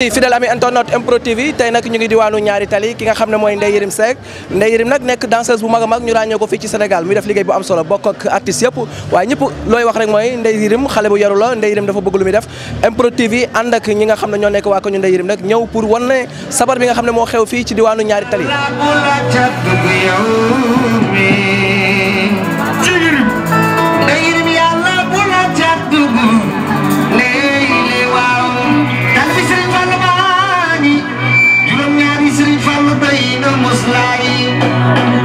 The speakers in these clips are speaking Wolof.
fidèle ami internet MPROD TV tey nag ñu ngi diwaanu ñaari tali ki nga xam ne mooy Ndeye Yerim Seck Ndeye Yerim nag nekk danseuse bu mag a mag ñu ràññee ko fii ci Sénégal muy def liggéey bu am solo bokk ak artistes yëpp waaye ñëpp looy wax rek mooy Ndeye Yerim xale bu yaru la Ndeye Yerim dafa bëgg lu muy def MPROD ànd ak ñi nga xam ne ñoo nekk waa ko ñu Ndeye Yerim nag ñëw pour wan sabar bi nga xam ne moo xew fii ci diwaanu ñaari tali like you.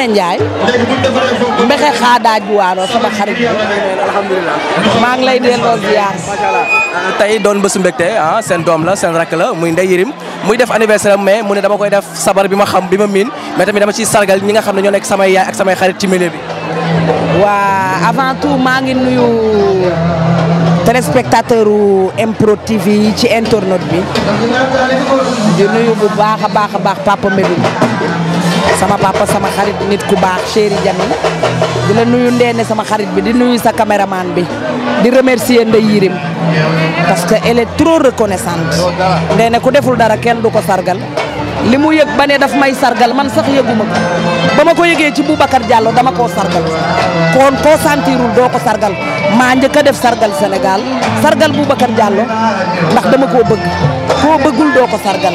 Ngoné Ndiaye mbexe xaadaa juwaaroo sama xarit bi maa ngi lay delloo ziar tey doon bésu mbégte ah seen doom la seen rakk la muy Ndeye Yirim muy def anniversaire mais mu ne dama koy def sabar bi ma xam bi ma miin mais tamit dama ciy sargal ñi nga xam ne ñoo nekk samay yaay ak samay xarit ci milieu bi waa avant tout maa ngi nuyu téléspectateur u MPROD TV yi ci internet bi di nuyu bu baax a baax a baax Papa Médoune sama papa sama xarit nit ku baax chéri Jamil di la nuyu ndeene sama xarit bi di nuyu sa caméraman bi di remercier Ndeye Yirim parce que elle est trop reconnaissante ndeene ku deful dara kenn du ko sargal li mu yëg ba ne dafa may sargal man sax yëguma ba ma ko yëgee ci Boubacar jàllo dama koo sargal kon koo sentirul doo ko sargal maa njëkk a def sargal Sénégal sargal Boubacar Diallo ndax dama koo bëgg koo bëggul doo ko sargal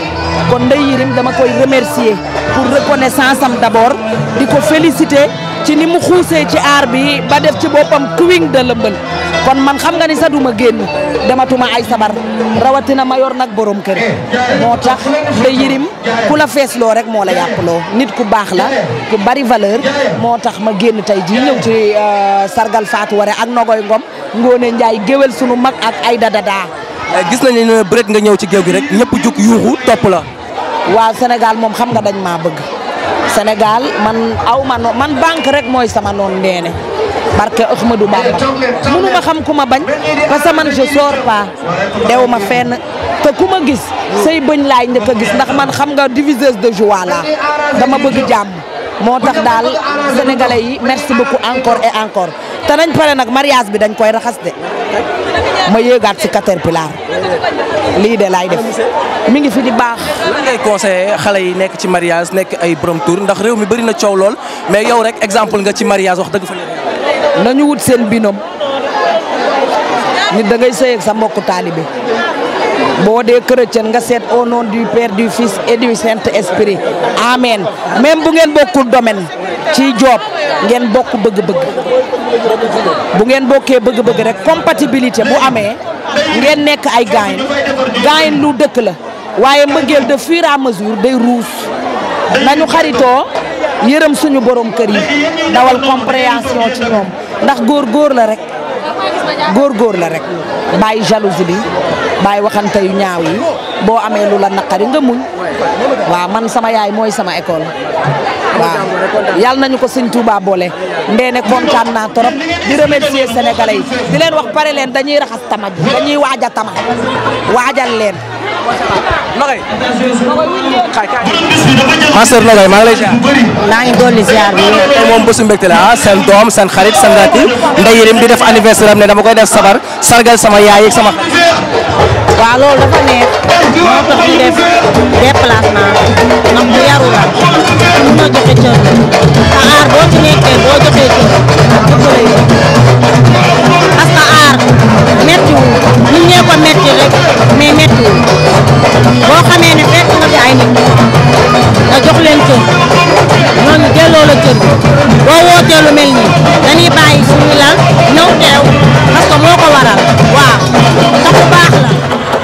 kon Ndeye Yerim dama koy remercier pour reconnaissance am d'abord di ko féliciter ci ni mu xuusee ci aar bi ba def ci boppam kuwing de lëmbal kon man xam nga ni sa duma génn dematuma ay sabar rawatina ma yor nag borom kër moo tax Ndeye Yerim ku la feesloo rek moo la yàqloo nit ku baax la ku bari valeur moo tax ma génn tey jii ñëw ci euh, sargal Fatou Waré ak Nogoy Ngom Ngoone Njaay géwél sunu mag ak ay Dada Eh, gis nañu ne bëreet nga ñëw ci géew gi rek ñëpp jug yuuxu topp la. waaw Sénégal moom xam nga dañ maa bëgg Sénégal man aw ma man banque rek mooy sama noon ndeene barke Ahmadou Bamba mënu ma xam ku ma bañ parce que man je dew ma fenn te ku gis say bëñ laay njëkk a gis ndax man xam nga diviseuse de joie la dama bëgg jàmm moo tax daal sénégalais yi merci beaucoup encore et encore te nañ pare nag mariage bi dañ koy raxas de ma yéegaat si caterpillar lii de laay def mi ngi fi di baax. lan ngay xale yi nekk ci mariage nekk ay borom tour ndax réew mi bëri na coow lool mais yow rek exemple nga ci mariage wax dëgg fa nañu wut seen binom nit da ngay sa mbokku taalibe boo dee chrétien nga seet au nom du Père du Fils et du Saint-Esprit amen même bu ngeen bokkul domaine ci job ngeen bokk bëgg-bëgg bu ngeen bokkee bëgg-bëgg rek compatibilité bu amee ngeen nekk ay gaañ gaañ lu dëkk la waaye mbëggeel de fur à mesure day ruus nañu xaritoo yërëm suñu borom kër yi dawal compréhension ci ñoom ndax góor góor la rek góor góor la rek bàyyi bi bàyyi waxante yu ñaaw boo amee lu la naqari nga muñ waaw man sama yaay mooy sama école waaw nañu ko sëñ Touba boole ndeene kontaan naa trop di remercier sénégalais yi di leen wax pare leen dañuy raxas tama ji dañuy waaja tama waajal leen Nogay. maa Nogay maa ngi lay ziar. maa ngi dolli ziar bi. tey moom bésu mbégte la ah seen doom seen xarit seen rati Ndeye Yerim di def anniversaire am ne dama koy def sabar sargal sama yaay ak sama. waaw loolu dafa neex moo tax ñu def déplacement ndax bu yaru la mënoo joxe cër te aar boo ci nekkee boo joxee cër ak lay parce que aar méttiwul ñu ñee ko métti rek mais méttiwul boo xamee ne fekk nga fi ay nit nga jox leen cër ñooñu delloo la cër boo wootee mel nii dañuy bàyyi suñuy lal ñëw teew parce que moo ko waral waaw. ndax ku baax la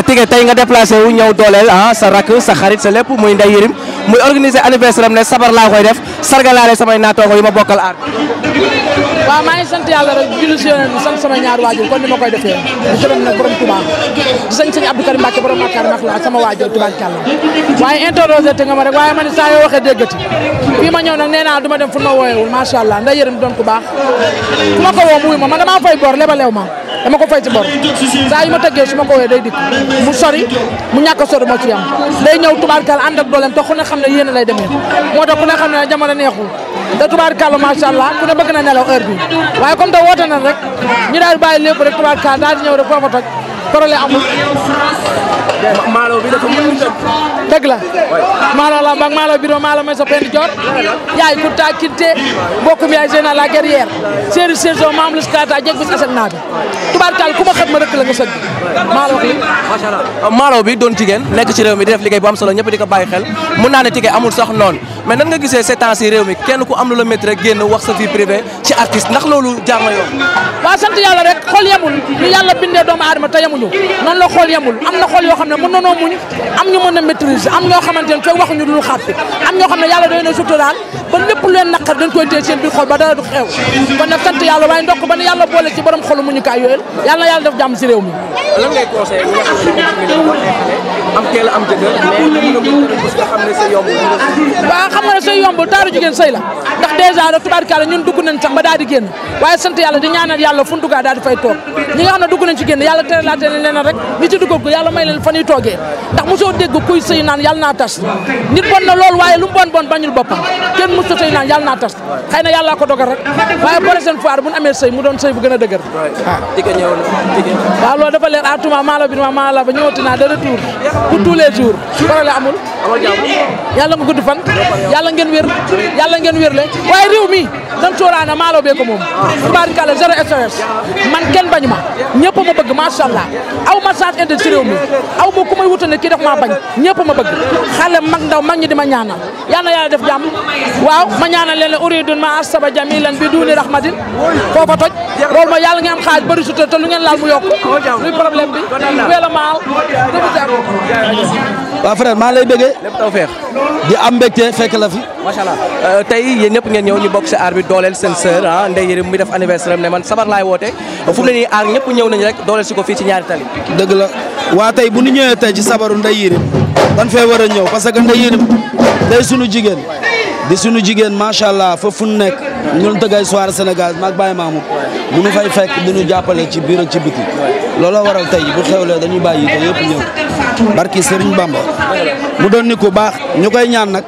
Eh, Tické tey nga déplacé wu ñëw dooleel ah sa rakk sa xarit sa lépp muy nda Yérim muy organisé anniversaire am ne sabar laa koy def sargalaale samay naatoogo yu ma bokkal aar. waaw maa ngi sant rek julli si yonent sant sama ñaar waajur kon ni ma koy defee di gërëm nag borom Touba di sant sëñ Abdou Karim Mbacke a Makar Makk laa sama waajur Touba Kalla waaye interrogé te nga ma rek waaye man saa yoo waxee déggati fii ma ñëw nag nee naa du ma dem fu ma wooyewul macha fay ci bor saa yi ma tëggee su ma ko wooyee day dikk mu sori mu ñàkk a sori moo ci am day ñëw tubaarkàlla ànd ak dooleem te ku ne ne yéen lay demee moo tax ku ne ne jamono neexul te tubaarkàlla macha allah ku bëgg na nelaw heure waaye comme te woote na rek ñu daal bàyyi rek tubaarkàlla daal di ñëw rek foofa problème amul. maalo bi dafa mën a la. maalo la bag maalo bi doon maalo may sa peine jot. yaay ku taa kinte mbokkum yaay général la guerrière. séeréer saison maam lu si kaataa jéeg sa aseg naa bi. tubaarkaal ku ma xet ma rëkk la nga sëgg. maalo bi macha allah maalo bi doon jigéen nekk ci réew mi di def liggéey bu am solo ñëpp di ko bàyyi xel mun naa ne tigee amul sax noonu mais nan nga gisee ces temps ci réew mi kenn ku am lu la métti génn wax sa vie privée ci artiste ndax loolu jaar na yoon. waaw yàlla rek xol yemuñu nan la xool yemul am na xool yoo xam ne mën nanoo muñ am ñu mën a am ñoo xamante ne koy waxuñu dul xàppi am ñoo xam ne yàlla doy na suturaal ba lépp leen naqar dañ koy téye seen biir xol ba dara du xew kon nag sant yàlla waaye ndokk ba ne yàlla boole ci borom xolu muñu kaay yooyu yàlla na yàlla def jàmm si réew mi lan ngay conseillé nga am teel am jëkkër mais nga xam ne sa yomb waaw xam taaru jigéen sëy la ndax dèjà rek tubaarkalla ñun dugg nañ sax ba daal di génn waaye sant yàlla di ñaanal yàlla fu ñu duggaa daal fay toog ñi nga xam ne dugg nañ ci génn yàlla tere laa tere leen rek ñi ci duggoog yàlla may leen fa ñuy toogee ndax mosoo dégg kuy sëy naan naa tas nit bon na loolu waaye lu mu mos a sëy naan yàlla naa tas xëy na yàllaa ko dogal rek waaye prochaine fois bu ñu amee sëy mu doon sëy bu gën a dëgër waaw loolu dafa leer à ah, tout moment bi ma maa ba ñëwati naa de retour pour tous les jours problème amul yàlla nga gudd fan yàlla ngeen wér yàlla ngeen wér le waaye réew nan coraana maaloo bee ko moom tubaarikàlla zéro SOS man kenn bañ ma ñëpp ma bëgg macha allah aw ma sens inde ci réew mi aw ma ku may wutane kii daf maa bañ ñëpp ma bëgg xale mag ndaw mag ñi di ma ñaanal yal na yàlla def jàmm waaw ma ñaanal leen uridun ma asaba jamilan bi duuni rahmatin foofa toj loolu mooy yàlla ngeen xaaj bëri sutura te lu ngeen laal mu yokk luy problème bi weel a maal waaw frère maa lay bëggee lépp taw feex di am mbégte fekk la euh, ngeen ñëw ñu bokk sa arbitre dooleel seen sœur ah Ndeye Yérim mi def anniversaire am ne man sabar laay woote fu mu ne nii aar ñëpp ñëw nañu rek dooleel si ko fii ci ñaari tali. dëgg la waa tey bu ñu ñëwee tey ci sabaru Ndeye Yérim dan fee war a ñëw parce que day sunu jigéen di sunu jigéen macha allah fa fu nekk ñun tëggay soirée Sénégal maag bàyyi maamu bu nu fay fek di ñu jàppale ci biir ak ci biti looloo waral tey bu xewlee dañuy bàyyi te yëpp ñëw barki Serigne Bamba mu doon ni ku baax ñu koy ñaan nag.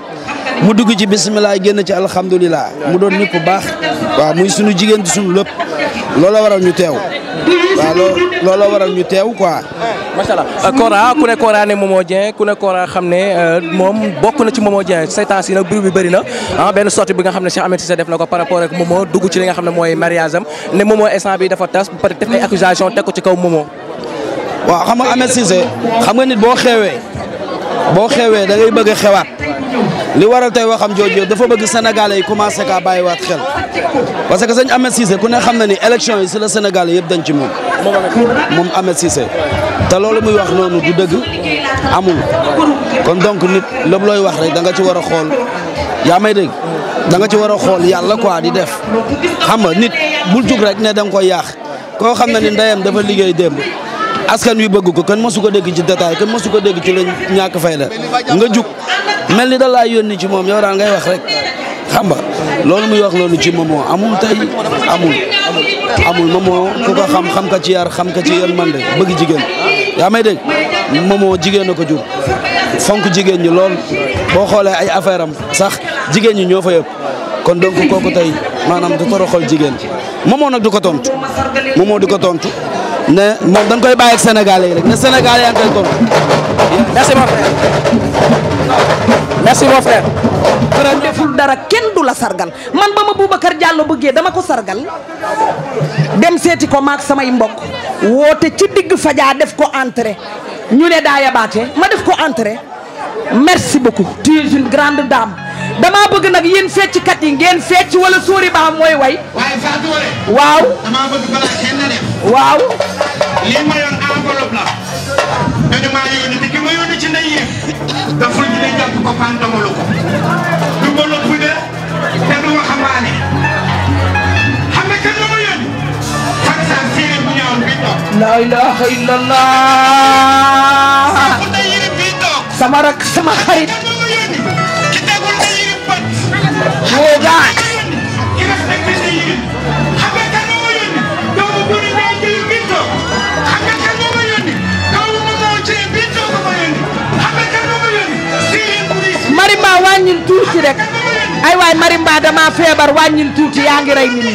mu dugg ci bisimilah génn ci alhamdulilah mu doon nit bu baax waaw muy sunu jigéen di sunu lëpp looloo waral ñu teew waaw looloo waral ñu teew quoi. macha allah Kora euh, ku ne Kora ne Momo Dieng ku ne Kora xam ne euh, moom bokk na ci Momo Dieng seetaan si nag bruit bi bëri na ah, benn sortie bi nga xam ne Cheikh Ahmed Cissé def na ko par rapport ak Momo dugg ci li nga xam ne mooy mariage am ne Momo bi dafa tas ba pare def ay accusation teg ci kaw Momo. waa xam nga Ahmed Cissé xam nga nit boo xeewee boo xeewee da ngay bëgg a xewaat. li waral tey waxam jooju dafa bëgg Sénégalais yi commencé kaa bàyyiwaat xel parce que sëñ Ahmed Cissé ku ne xam na ni élection yi si la Sénégalais yëpp dañ ci moom. moom Ahmed te loolu muy wax noonu du dëgg amul kon donc nit lépp looy wax rek da nga ci war a xool yaa may dégg danga ci war a xool yàlla quoi di def xam nga nit bul jug rek ne da nga koy yàq koo xam na ni ndeyam dafa liggéey démb. askan wi bëgg ko kenn mësu ko dégg ci détail kenn mësu ko dégg ci la ñàkk fay la nga jug mel ni da laa yónni ci moom yow daal ngay wax rek xam nga loolu muy wax loolu ci Momo amul tey amul amul Momo ku ko xam xam ka ci yar xam ka ci yërmande bëgg jigéen yaa may dégg Momo jigéen a ko jur fonk jigéen ñi lool boo xoolee ay affaire am sax jigéen ñi ñoo fa yëpp kon donc kooku tey maanaam du toroxal jigéen Momo nag du ko tontu Momo du ko tontu ne moom dañ koy bàyyi ak Sénégalais yi rek ne Sénégalais yaa ngi koy merci mon frère. merci mon frère. frère deful dara kenn du la sargal man ba ma Boubacar Diallo bëggee dama ko sargal dem seeti ko maak samay mbokk woote ci digg fajaa def ko entrée ñu ne daa yabaate ma def ko entrée merci beaucoup tu es une grande dame. damaa bëgg nag yéen fecckat yi ngeen fecc wala suuri baa mooy way. waaye Fatou Wale. waaw damaa bëgg balaa kenn def. waaw. lii ma yor enveloppe la. dañu maa yónni te ki ma yónni ci ndey yéen. dafa ñu ne jàpp ko fan damalu ko. du ma la budde te du waxambaane. xam nga kenn du ma yónni. par exemple séeréer bu ñëwoon bi toog. la ilaha illallah. sama rak sama xarit. We're not. Marimba wàññil tuuti rek ay waay Marimba dama feebar wàññil tuuti yaa ngi rey nit ñi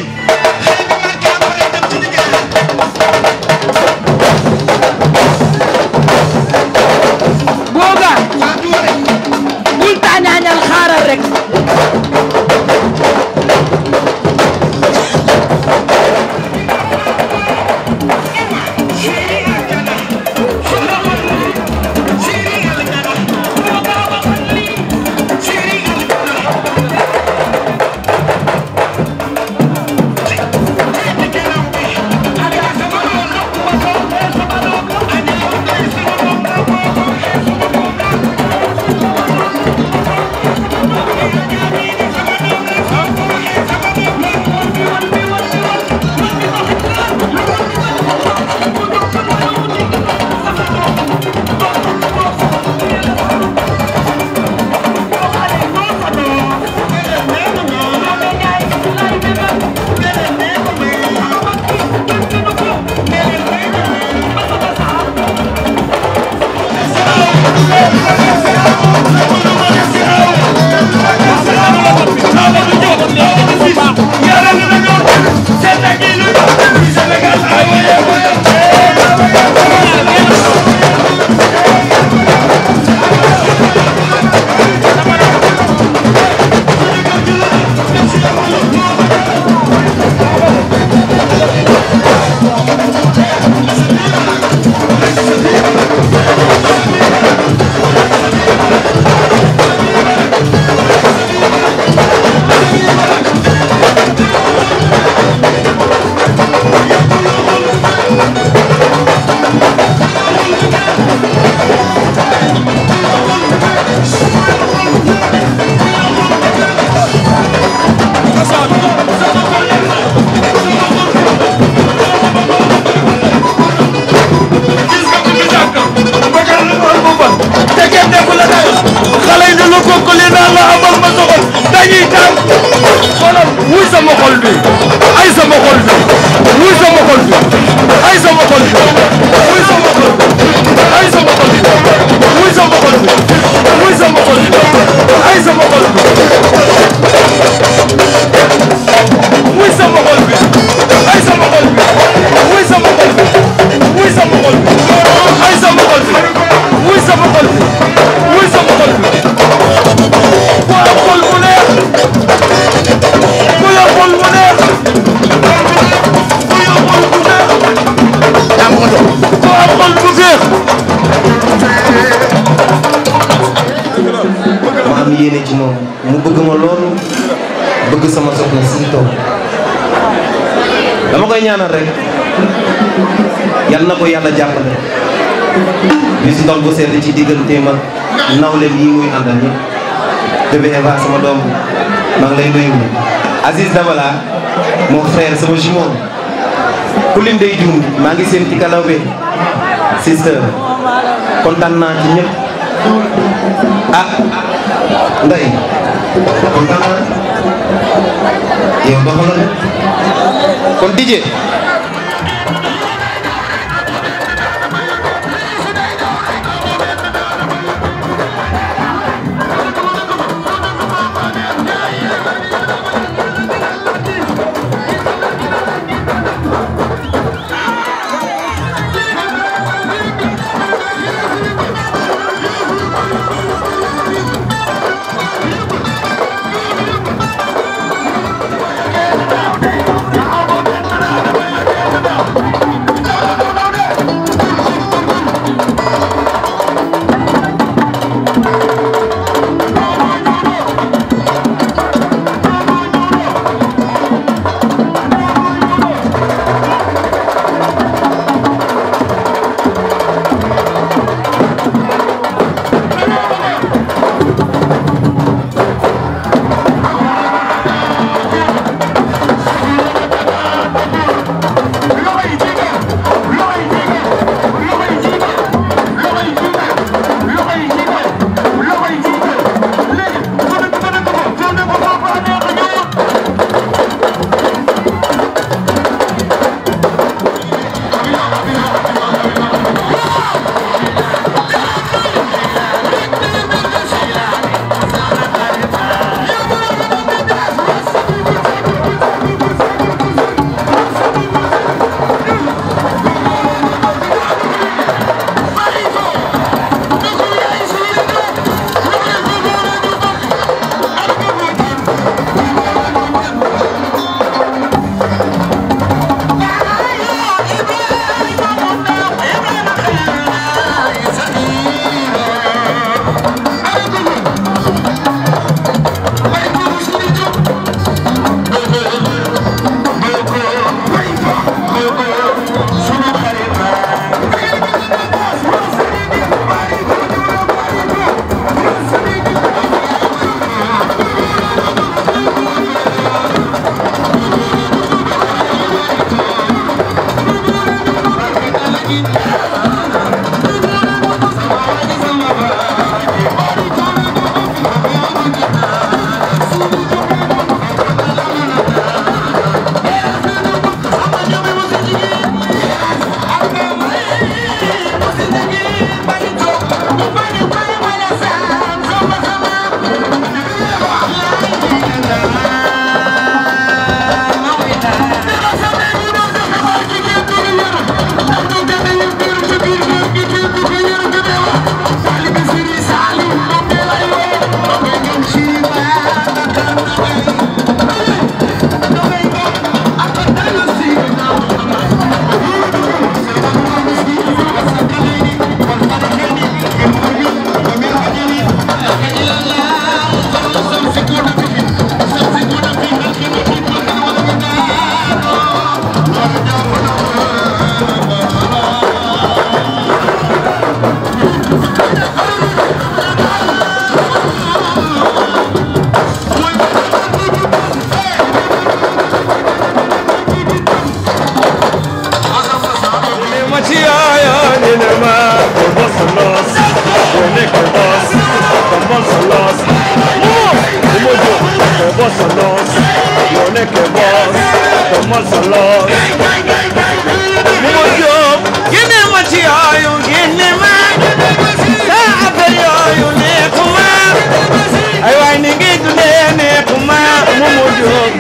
ci ndol bu sedd ci diggante ma nawle yi muy àndal ñëpp bébé Eva sama doom maa ngi lay nuyu Aziz Dabala mon frère sama jumeau ku lim day juum maa ngi seen ci kalaw bi sister kontaan naa ci ñëpp ah nday kontaan naa yow doxaloon kon DJ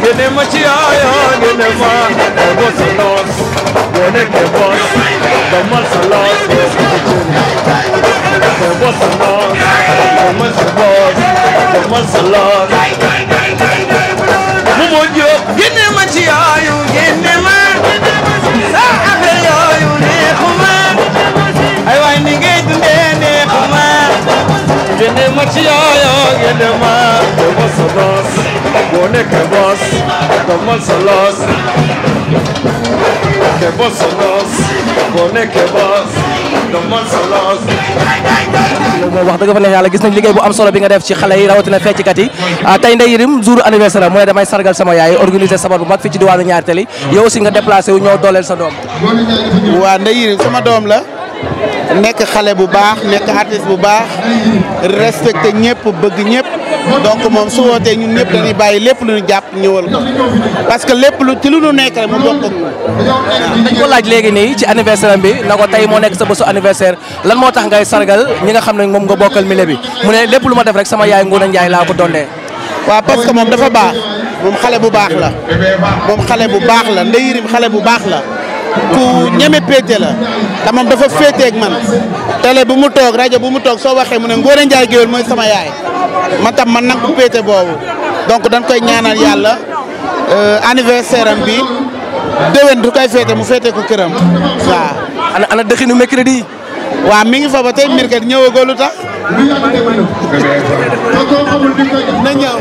Gene maciyayo gene ma Ebo salos Gene ke bos Damal salos Ebo salos Damal salos Damal salos Mumojo gene maciyayo gene ma Sa abeyayo nekhuma Aywa ninge dunde nekhuma Gene maciyayo gene ma Ebo salos boo nekkee boss domal sa loos nekkee boss sa loos boo nekkee boss domal sa loos moom wax dëgg fa neex yàlla gis nañ liggéey bu am solo bi nga def ci xale yi rawatina fecckat yi ah, tey Ndeye Yerim jour anniversaire am mu ne damay sargal sama yaay organiser sabar bu mag fii ci diwaanu Niary Tally yow aussi nga déplacé wu ñëw dooleel sa doom. waa Ndeye Yerim sama doom la. nekk xale bu baax nekk artiste bu baax respecté ñëpp bëgg ñëpp donc moom su wootee ñun ñëpp dañuy bàyyi lépp lu ñu jàpp ñëwal ko parce que lépp lu ci lu ñu nekk rek mu bokk ak ko laaj léegi nii ci anniversaire bi na ko tey moo nekk sa bésu anniversaire lan moo tax ngay sargal ñi nga xam ne moom nga bokkal milieu bi mu ne lépp lu ma def rek sama yaay Ngoné njaay laa bu dondee waaw parce que moom dafa baax moom xale bu baax la moom xale bu baax la ku ñeme péete la dafa féeteeg man télé bu mu toog rajo bu mu toog soo waxee mu ne Ngoné Ndiaye Géwél mooy sama yaay man tam man nag ku péete boobu donc dañ koy ñaanal yàlla euh, anniversaire bi déwén du koy féete mu féete ko këram waaw. ana ana dëxinu mercredi. waaw mi ngi fa ba tey mercredi ñëwagoo lu na ñëw.